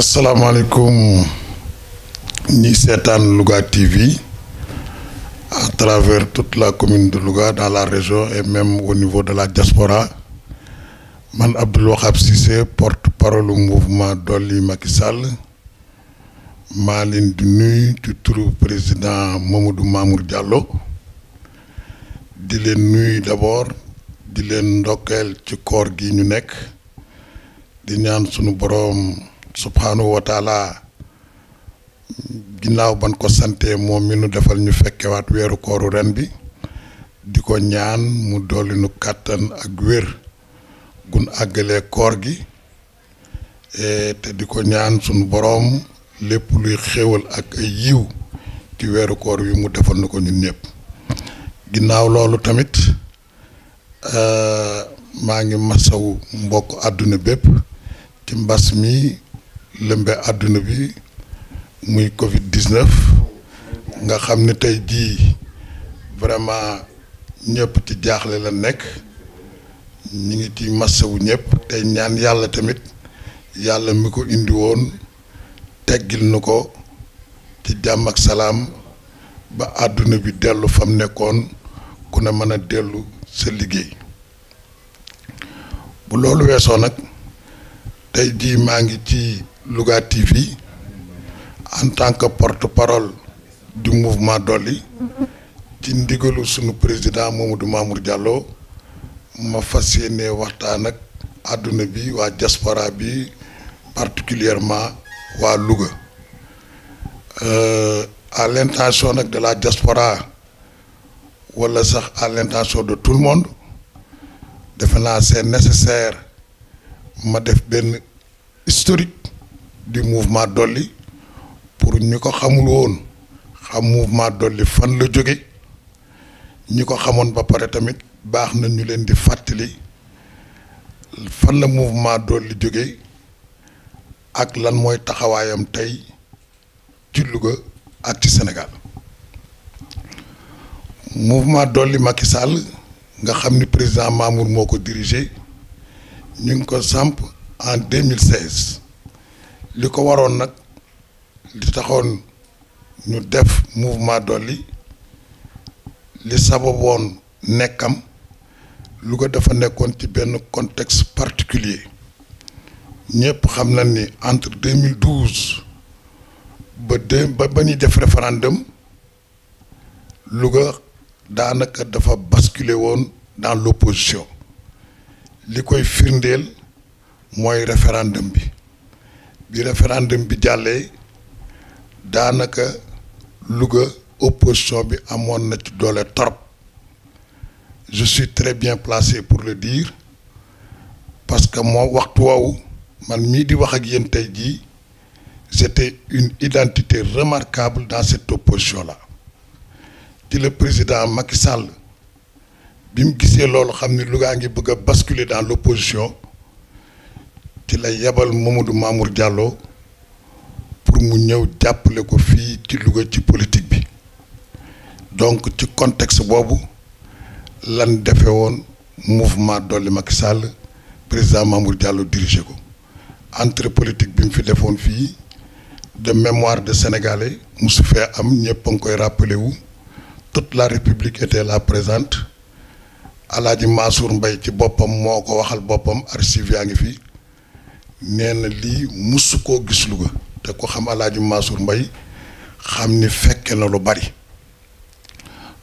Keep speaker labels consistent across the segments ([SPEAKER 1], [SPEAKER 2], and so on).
[SPEAKER 1] assalamu alaikum ni seetaan Luga TV à travers toute la commune de Luga dans la région et même au niveau de la diaspora man Abdoul Wahab porte-parole du mouvement d'Oli Macky Malin du nuit tu nuyu président Mamadou Mamour Diallo di d'abord di leen ci corps gi ñu nek di subhaanahu wa ginnaaw ban ko sante moom mi nu defal ñu fekkewaat weeru kooru ren bi di ko ñaan mu dolli nu kàttan ak wér gun àggalee koor gi e, te di ko ñaan sunu boroom lépp luy xewal ak yiw ci weeru koor wi mu defal na ko ñun ñëpp ginnaaw loolu tamit e, maa ngi masawu mbokk àdduna bépp ci mbas mi lëmbe àdduna bi muy Covid 19 nga xam ne tey jii vraiment ñëpp ci jaaxle la nekk ñu ngi ci massawu ñëpp tey ñaan yàlla tamit yàlla mi ko indi woon teggil nu ko ci jàmm ak salaam ba àdduna bi dellu fam nekkoon ku ne mën a dellu sa liggéey bu loolu weesoo nag tey jii maa ngi ci. Luga TV en tant que porte-parole du mouvement Doli qui est le président de Mamour Diallo ma suis fasciné waxtaan ak àdduna la diaspora bi particulièrement à Louga euh, à l'intention de la diaspora ou à l'intention de tout le monde de c'est nécessaire ma def historique du mouvement Dolly pour ñu ko xamul woon xam mouvement dolli fan la jóge ñi ko xamoon ba pare tamit baax na ñu leen di fàttali fan la mouvement Dolly jóge ak lan mooy taxawaayam tey ci Louga ak ci Sénégal mouvement Dolly Macky Sall nga xam ni président Mamour moo ko dirigé ñu ngi ko samp en 2016 li ko waroon nag li taxoon ñu def mouvement Dolli li sababoon nekkam ko dafa nekkoon ci benn contexte particulier ñëpp xam nañ ni entre 2012 ba deux ba ba ñuy def référendum Louga daanaka dafa basculer woon dans l'opposition li koy firndeel mooy référendum bi le référendum bi jàllee danaka, Louga opposition bi amone na ci je suis très bien placé pour le dire parce que moi, waxtu woowu man mi di wax ak c'était une identité remarquable dans cette opposition là ci le président Macky Sall bim mu lolu xamni Louga ngi bëgg basculer dans l'opposition ci la yabal Mamadou Mamour Diallo pour mu ñew jàppale ko fi ci Louga ci politique bi donc ci contexte bobu lan defe mouvement Dolli Macky Sall président Mamour Diallo dirigé ko entre politique bi mu fi defoon fi de mémoire de sénégalais musu fé am ñepp ngoy rappelé wu toute la république était là présente Alaaji Mansour mbay ci bopam moko waxal bopam archive yaa ngi fi ko xam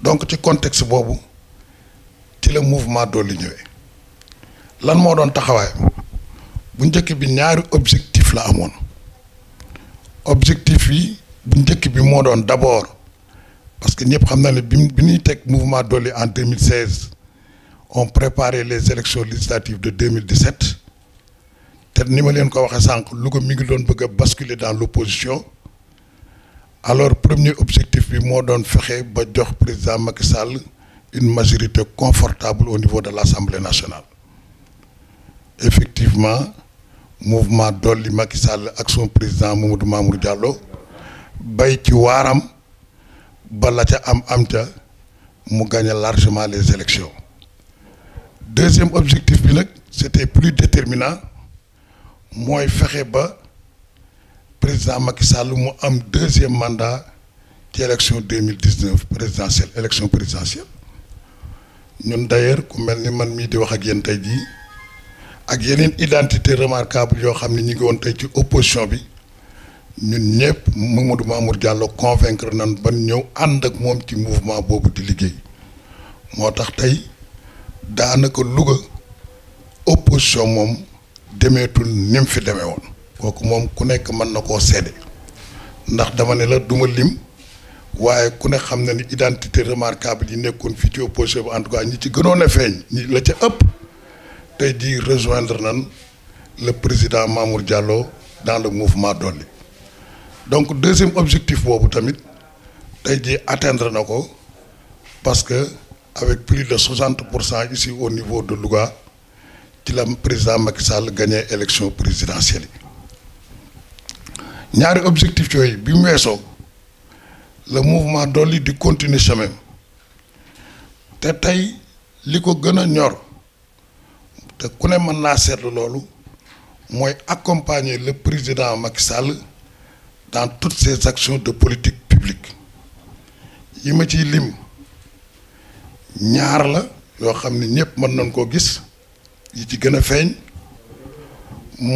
[SPEAKER 1] donc ci contexte c'est ci mouvement de ñëwé lan mo doon taxaway bu bi ñaari objectif la un objectif yi c'est que bi mo d'abord parce que nous xam na le bi mouvement en 2016 on préparé les élections législatives de 2017 si ni ma ko basculer dans l'opposition alors premier objectif Est de faire président Macky une majorité confortable au niveau de l'Assemblée nationale effectivement mouvement Dolly Macky Sall et son président Mamadou Mamour Diallo bay Waram, gagné largement les élections deuxième objectif c'était plus déterminant moy fexé ba président Macky Sall mu am deuxième mandat ci élection 2019 présidentielle élection présidentielle ñun d'ailleurs ku melni man mi di wax ak yeen tey jii ak yeneen identité remarquable yo xamni ñi ngi won tay ci opposition bi ñun ñëpp Mamadou Mamour Diallo convaincre nan ban ñëw and ak mom ci mouvement bobu di liggéey motax tay danaka Louga opposition mom demeetul nim fi démé won kooku mom ku nek man nako koo ndax dama ne la duma lim waye ku ne xam na ni identité remarquable yi nekkoon fii ci opposition en tout cas ñi ci gënoon a la ci ëpp tay di rejoindre nan le président Mamour Diallo dans le mouvement Dolli donc deuxième objectif pour tamit tay di atteindre nako parce que avec plus de 60 ici au niveau de Louga le président Macky Sall gagné l'élection présidentielle notre objectif yooyu le mouvement dolli du continuer chemin te tey li ko a ñor c'est ku accompagner le président Macky Sall dans toutes ses actions de politique publique Il ma dit, lim ñaar la yoo xam ne suis ci gën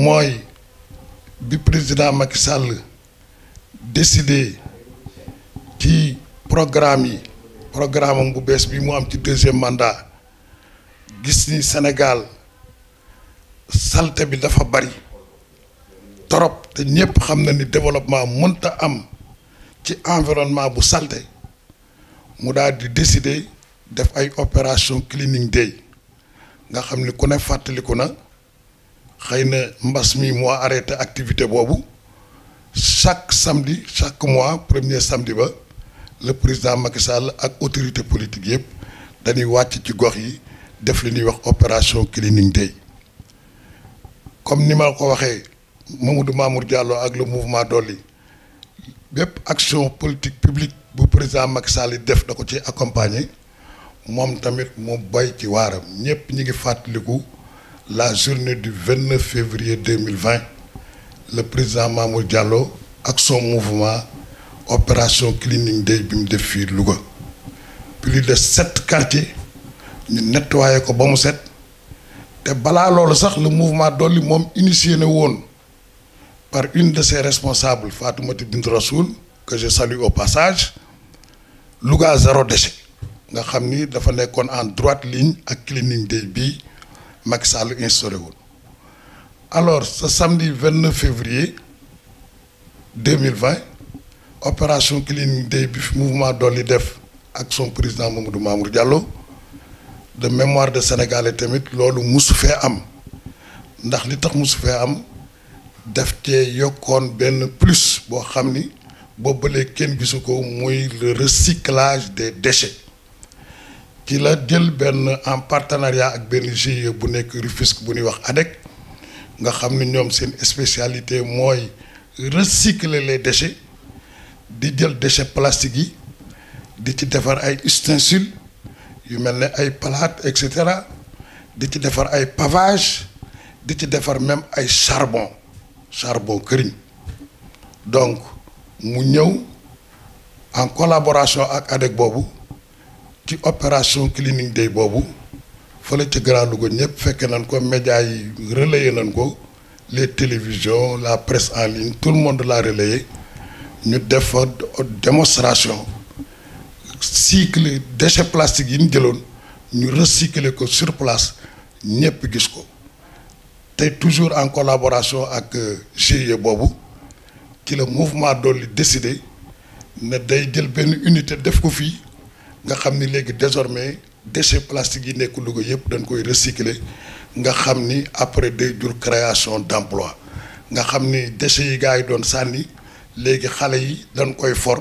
[SPEAKER 1] a président Macky Sall décidé de programme programme de deuxième mandat gis Sénégal salte bi dafa torop de développement environnement opération cleaning day nga xamni ni ku ne fàttaliku na xëy na mi activité bobu chaque samedi chaque mois premier samedi ba le président Macky Sall ak autorité politique yëpp dañuy wacc ci gox yi def li ni wax opération cleaning day comme ni ma ko waxee Mamadou Mamour Diallo ak le mouvement doli Bep action politique publique bu président Macky Sall def dako ci accompagner mom tamit mo bay ci waram fat ñi ngi la journée du 29 février 2020 le président Mamour Diallo ak son mouvement opération cleaning day Bim mu def plus de sept quartiers ñu nettoyé ko ba mu set té bala lolu le mouvement doli mom initié par une de ses responsables Fatoumata Bint que je salue au passage Louga zéro déchet nous en droite ligne à cleaning débit Maxal alors ce samedi 29 février 2020 opération cleaning débit mouvement de def son président Mamour de mémoire de Sénégal, tamit nous am ndax Nous tax am plus Bo le recyclage des déchets qui la jël ben en partenariat avec Benji GIE bu nekk Rufisque bu Adek. wax ADEC nga une spécialité moi, recycler les déchets di jël déchets plastiques de faire des ustensiles yu mel des ay palates et cetera di ci pavages, ay pavage di ci charbons, même ay charbon charbon donc nous en collaboration avec Adek bobu ci opération de day il fële ci Grand Louga ñep fekk nañ ko médias yi ko les télévisions la presse en ligne tout le monde l'a relayé ñu def une démonstration cycle déchets plastiques yi ñu jëloon ñu recycler ko sur place ñep gis ko toujours en collaboration avec euh, GIE bobu le le mouvement Dolli décidé ne day jël unité def ko nga xam ni léegi désormais déchets plastiques yi nekk ko yëpp dañ koy recycler nga xam ni après day jur création d'emploi nga xam ni déchets yi gaa yi doon sànni léegi xale yi dañ koy for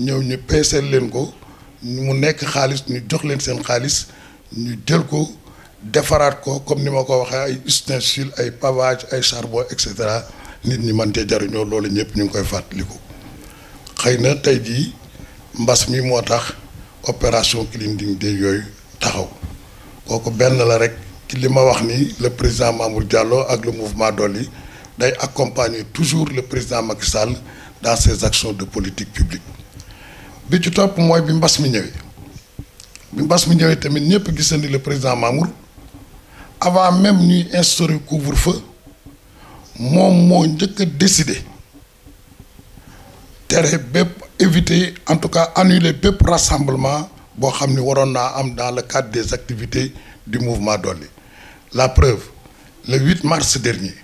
[SPEAKER 1] ñëw ñu peeseel leen ko mu nekk xaalis ñu jox leen seen xaalis ñu jël ko defaraat ko comme ni ma ko waxee ay ustensiles ay pavage ay charbon et cetera nit ñi mën cee jariñoo loolu ñëpp ñu ngi koy fàttali ko xëy na tey jii mbas mi moo tax. opération cleaning des yoy taxaw kooku Ben la rek ci lima wax ni le président Mamour Diallo ak le mouvement d'oli, day accompagner toujours le président Macky Sall dans ses actions de politique publique bi ci vois pour bi mbass mi ñëwee bi mbass mi ñëwee tamit ñëpp gis le président Mamour avant même ñuy instaurer couvre-feu mom mo njëkk décider tere éviter en tout cas annuler peu rassemblement dans le cadre des activités du mouvement Dolly. la preuve le 8 mars dernier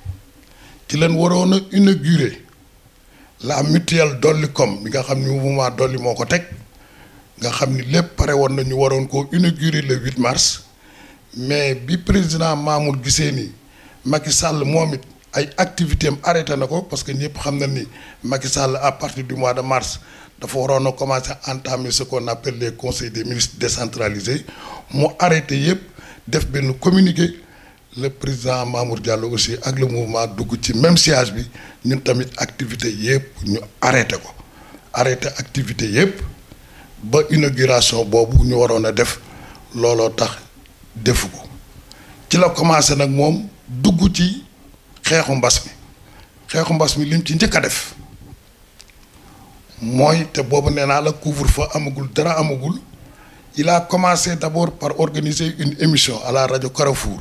[SPEAKER 1] qu'il a inauguré inaugurer la mutuelle Dolly.com, comme nga mouvement Dolly moo ko teg nga le 8 mars mais le président Mahmoud Giseni, Makissal Mohamed, ay activité am arrêté na parce que nous xam na Macky Sall à partir du mois de mars dafa waroon commencé à entamer ce qu'on appelle les conseils des ministres décentralisés avons arrêté yëpp def benn communiqué le président Mamour Diallo aussi avec le mouvement Dougouti, même si bi ñun tamit activité yëpp ñu arrêté ko arrêté activité yep, ba inauguration bobu ñu aurons a def lolo tax defu ko ci commencé nag moom dugg ci il a commencé d'abord par organiser une émission à la radio Carrefour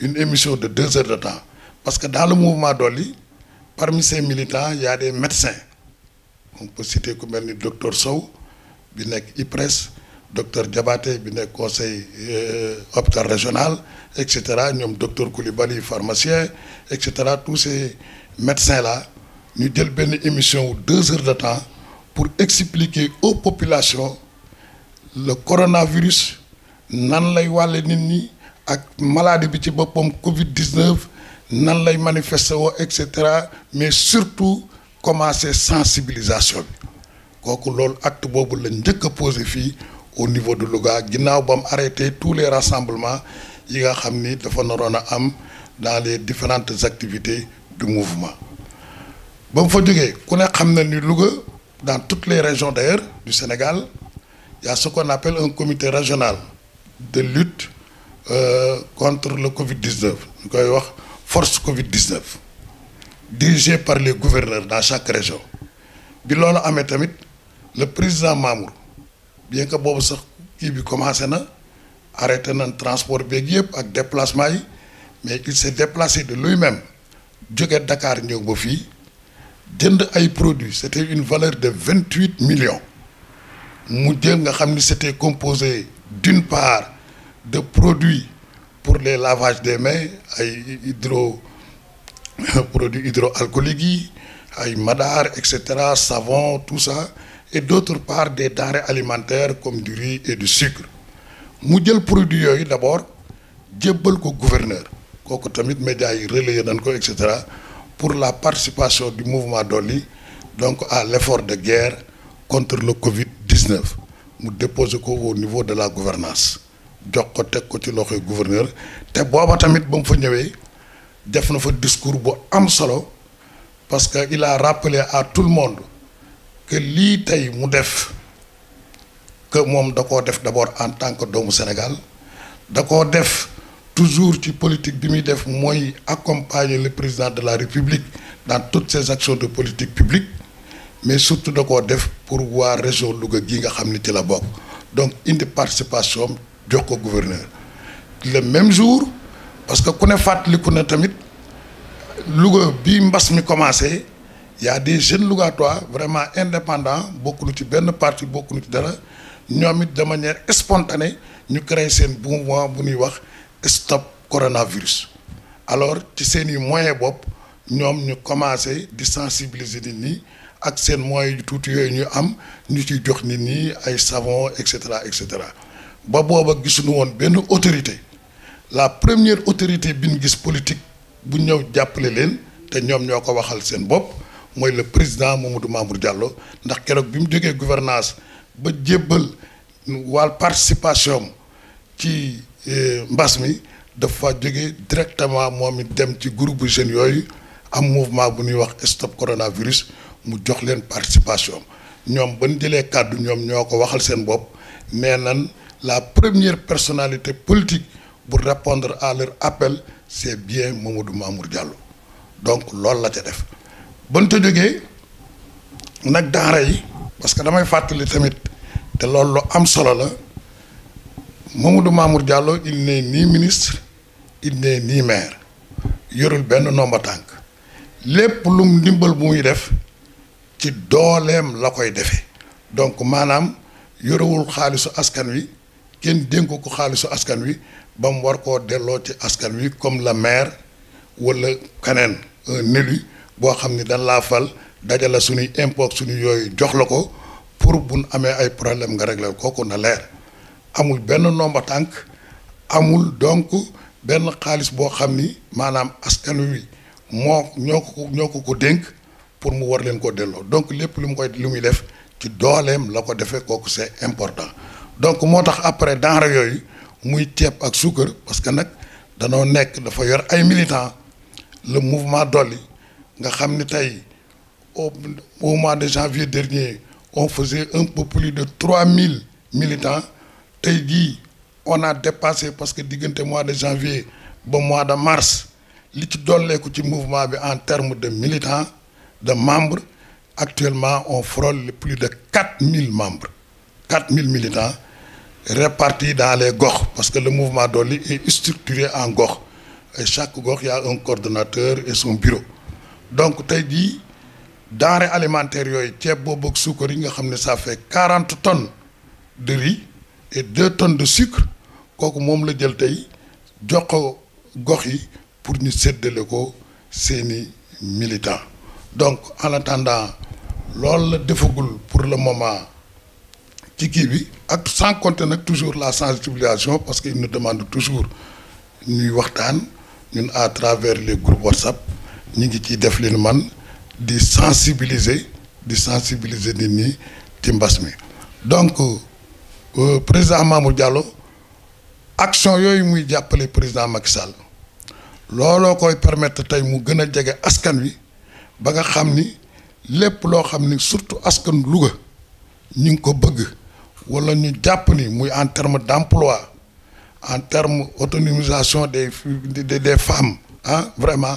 [SPEAKER 1] une émission de deux heures de temps parce que dans le mouvement Doli parmi ses militants il y a des médecins on peut citer comme le docteur Sow bi IPRES docteur Diabaté bi conseil euh, hôpital régional Nous sommes le docteur Koulibaly, pharmacien etc. tous ces médecins là nous avons une émission de deux heures de temps pour expliquer aux populations le coronavirus les maladies comme le maladie Covid 19 les manifestations, etc. mais surtout comment sensibilisation sensibilisations. kooku nous acte boobu la posé au niveau de Louga ginnaaw bam arrêté tous les rassemblements dans les différentes activités du mouvement fa dans toutes les régions du Sénégal il y a ce qu'on appelle un comité régional de lutte euh, contre le Covid-19 Nous koy force Covid-19 dirigé par les gouverneurs dans chaque région le président Mamour bien que bobu sax ki bi commencé na arrêté na transport et yépp ak déplacement mais il s'est déplacé de lui-même jóge Dakar ñëw ba fi dënd ay produits c'était une valeur de 28 millions mu jël nga c'était composé d'une part de produits pour les lavages des mains ay produits hydroalcooliques des ay etc., savons, savon tout ça et d'autre part des denrées alimentaires comme du riz et du sucre mu avons produit d'abord jébbal ko gouverneur médias relayé etc. pour la participation du mouvement d'Oli donc à l'effort de guerre contre le Covid-19 mu déposé au niveau de la gouvernance nous avons teg ko ci loxoy gouverneur te avons tamit un mu discours parce qu'il a rappelé à tout le monde que li tay mu que d'abord en tant que au Sénégal dako toujours ci politique bi def le président de la République dans toutes ses actions de politique publique mais surtout dako pour voir région Louga gi nga la bok donc participation gouverneur le même jour parce que ne Louga bi mi y a des jeunes Lougatois vraiment indépendants beaucoup ci parti beaucoup ci dara de manière spontanée ñu créons stop coronavirus alors ci seen i moyen nous ñoom ñu commencé di sensibiliser les gens à moyens ñu am ñu etc. autorité la première autorité politique bu nous te moy le président Mamadou Mamour Diallo ndax kérok bimu mu gouvernance ba djébal wal participation ci euh, mbassmi mi dafa jógee directement momi dem ci groupe jeunes yoy am mouvement bu ñuy wax stop coronavirus mu jox leen participation ñom ont ñu cadre, cadre ñoom ñoo waxal sen bop mais nan la première personnalité politique pour répondre à leur appel c'est bien Mamadou Mamour Diallo donc lool la ca def ban ta jógee nag daara yi parce que damay fàttali tamit te loolu lu am solo la Mamadou Mamour Diallo il n'est ni ministre il n'est ni maire yorul benn nomba tànk lépp lum ndimbal bu muy def ci dooleem la koy defee donc maanaam yorewul xaalisu askan wi kenn dénku ko xaalisu askan wi ba mu war koo delloo ci askan wi comme la maire walla keneen un boo xam ni dañ laa fal dajala suñuy impôt suñu yooyu jox la pour buñ amee ay problème nga régler kooku na leer amul benn nomba tànk amul donc ben xaalis boo xam ni maanaam askan wi moo ñoo ko ko ko pour mu war leen ko delloo donc lépp lu mu koy lu muy def ci dooleem la ko defee kooku c'est important donc moo tax après denrée yooyu muy ceeb ak suukar parce que nag danoo nekk dafa yor ay militants le mouvement Dolli au mois de janvier dernier on faisait un peu plus de 3000 000 militants on a dépassé parce que le mois de janvier le mois de mars l'étude d'olé, mouvement en termes de militants de membres actuellement on frôle plus de 4000 membres 4000 000 militants répartis dans les GOR, parce que le mouvement est structuré en GOR. et chaque il y a un coordonnateur et son bureau donc tu dans les alimentaires les ceeb ça fait 40 tonnes de riz et 2 tonnes de sucre kooku moom la gox yi pour nous aider ko militants donc en attendant ce la defagul pour le moment ci sans compter toujours la sensibilisation parce qu'ils nous demande toujours de à travers les groupes WhatsApp ñu ngi ciy def leen man di sensibiliser di sensibiliser nit ñi ci mbas mi donc euh, président mamadou Diallo action yooyu muy jàppale président Macky Sall looloo koy permettre tey mu gën a jege askan wi ba nga xam ni lépp loo xam ni surtout askan Louga ñu ngi ko bëgg wala ñu jàpp ni muy en terme d'emploi en terme autonomisation des des femmes ah vraiment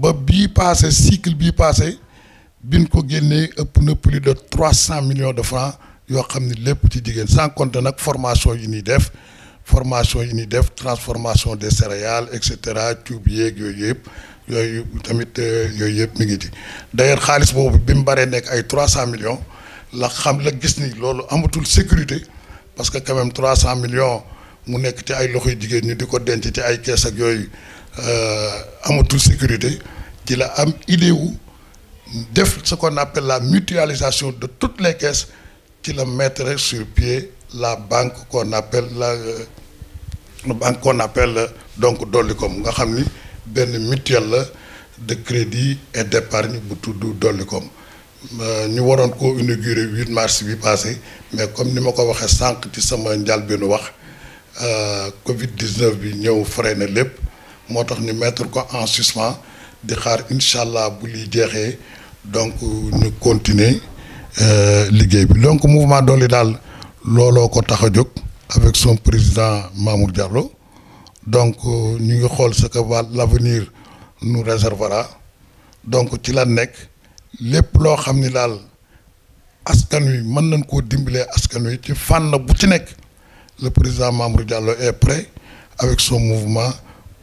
[SPEAKER 1] ba bii passé cycle bii bi biñ ko génnee ëpp nëpp plus de trois cent millions de francs yoo xam ni lépp ci jigéen sans compter nag formation yi ñuy def formation yi ñuy def transformation des céréales et cetera yéeg yeeg yooyu yëpp yooyu tamit euh, yooyu yëpp mi ngi ci d'ailleurs xaalis boobu bi mu baree nekk ay trois cent millions la xam la gis ni loolu amatul sécurité parce que quand même trois cent millions mu nekk ci ay loxoy jigéen ñi di ko denc ci ay kees yooyu Euh, toute sécurité qu'il a une idée où ce qu'on appelle la mutualisation de toutes les caisses qui mettrait sur pied la banque qu'on appelle la euh, banque qu'on appelle donc Dolicom. nga avons ben mutuelle de crédit et d'épargne pour tout Dolicom. nous euh, waroon koo inauguré 8 mars mais comme nous avons ko le décembre nous sama fait Covid 19 bi freine freiné lépp moo tax ñu mettre ko en suspens di xaar inshallah bu li jeexee donc ñu continuer euh, liggéey bi donc mouvement Dolli daal looloo ko tax a jóg avec son président Mamour Diallo donc euh, ñu ngi xool ce que va l'avenir nous réservera donc ci la nekk lépp loo xam ni daal askan wi mën nañ koo dimbalee askan wi ci fànn bu ci nekk le président Mamour Diallo est prêt avec son mouvement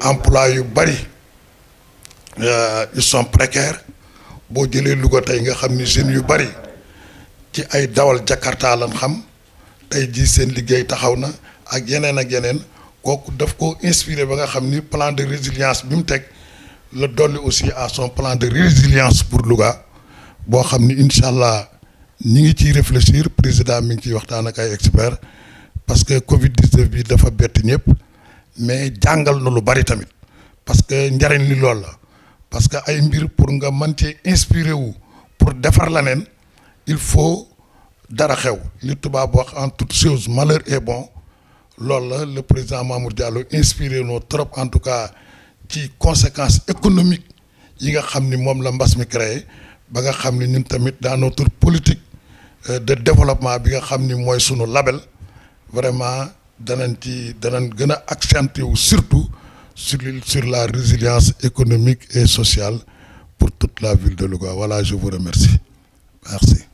[SPEAKER 1] emploi yu bari euh, ils sont précaires boo jëlee Louga tay nga xamni ni yu bari ci ay dawal Jakarta lañ xam tay ji seen liggéey taxawna ak yenen ak yenen kooku daf ko inspirer ba nga xamni plan de résilience bimu tek le donne aussi à son plan de résilience pour Louga boo xam ni ñi ngi ci réfléchir président mi ngi ciy waxtaan ak ay experts parce que Covid 19 bi dafa bett ñepp mais jangal na lu bari tamit parce que njariñ li lool la parce que ay mbir pour nga mën cee inspiré wu pour defar la il faut dara xew li tubaab wax en toute chose malheur est bon lool la le président Mamour Diallo inspiré noo trop en tout cas ci conséquences économiques yi nga xam ni moom la mbas mi créé ba nga xam ni ñun tamit dans notre politique euh, de développement bi nga xam ni mooy sunu label vraiment d'un ci surtout sur sur la résilience économique et sociale pour toute la ville de Louga voilà je vous remercie merci.